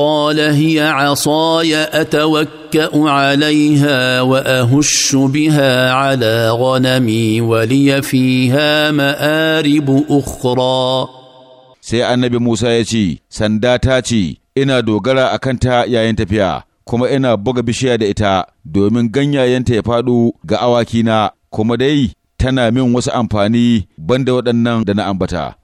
قال هي عصاي اتوكا عليها واهش بها على غنمي ولي فيها مارب اخرى sai annabi Musa ya ce, Sanda ta ce, ina dogara a kanta yayin tafiya, kuma ina buga bishiya da ita domin ganyayenta ya faɗo ga awakina, kuma dai tana min wasu amfani banda waɗannan da na ambata.